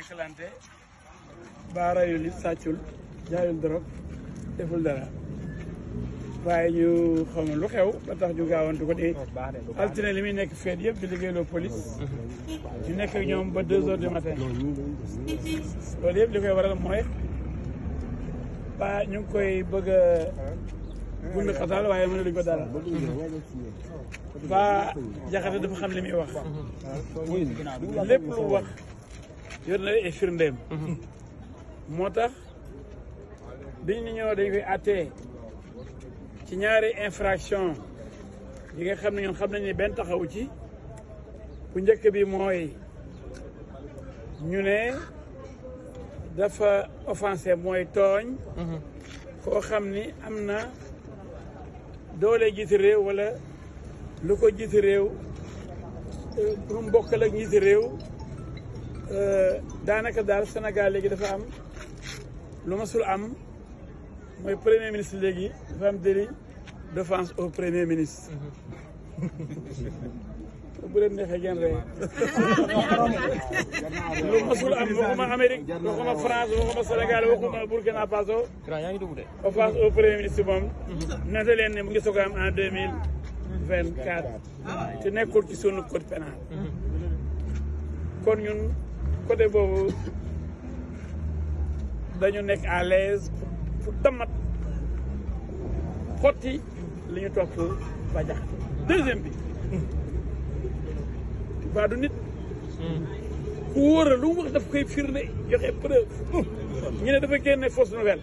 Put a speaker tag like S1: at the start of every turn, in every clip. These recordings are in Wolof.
S1: lekkalante baa rayul nit sàccul jaayul dorog deful waaye ñu xam lu xew ba tax ñu gaawantu ko dee altine li muy nekk feet yëpp di liggéeyloo police ñu nekk ñoom ba deux heures du matin loolu yëpp li koy waral mooy ba ñu ngi koy bëgg a gund xatal waaye mënu luñ ko dara ba jaxate dafa xam li muy wax lépp wax yor na ay mhm. moo tax bi ni ñoo dañ koy ci ñaari infraction yi nga xam ne ñoom xam nañu benn taxawu ci bu njëkk bi mooy ñu ne dafa offensé mooy tooñ mhm. koo xam ni am na doole jiiti réew wala lu ko jiiti réew lu euh, mu bokkal ak réew daanaka daal Sénégal léegi dafa am lu masul am mooy premier ministre léegi dafa am délit d'offense au premier ministre. bu leen neexee ngeen rey lu masul am waxuma Amérique waxuma France waxuma Sénégal waxuma Burkina Faso. offense au premier ministre moom. nata leen ne mu ngi soog am en deux mille vingt quatre. te nekkul ci sunu code pénal kon ñun. côté boobu dañu nekk à l'aise pour tamat xotti li topp ba jax deuxième bi baa du nit ku wóor a lu mu wax daf koy firnde joxe preuve ñu ne dafa génne fausse nouvelle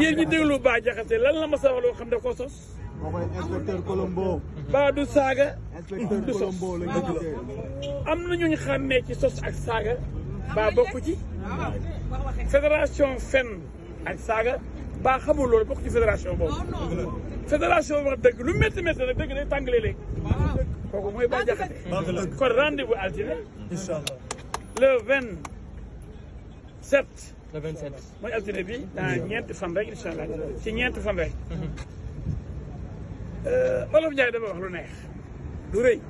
S1: yéen ñi déglu baa jaxase lan la ma sa wax loo xam daf ko sos baa du saaga inspecteur Colombo la am na ñu ñu xàmmee ci sos ak saaga baa bokk ci fédération fen ak saaga baa xamul loolu bokk ci fédération boobu fédération wax dëgg lu métti métti nag dëgg day tàngalee léegi kooku mooy Bah Diakhaté kon rendez-vous altine inchallah le vingt sept le 27 mooy altine bi dans ñeenti fan rek incha allah ci ñeenti fan rek. Euh, Olof Ndiaye dafa wax lu neex. du rëy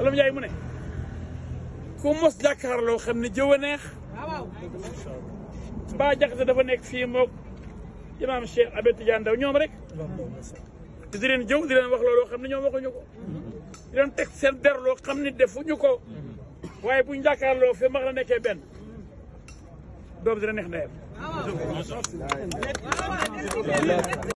S1: Olof Njaay mu ne ku mos jàkkaarloo xam ne jëw a neex ba jaxate dafa nekk fi mook imaam Cheikh Abed Tidiane Ndaw ñoom rek di leen jëw di wax looloo xam ne ñoom waxuñu ko di teg seen loo xam ne defuñu ko waaye buñ jàkkaarloo fi mag la nekkee benn doom dina neex ndeyam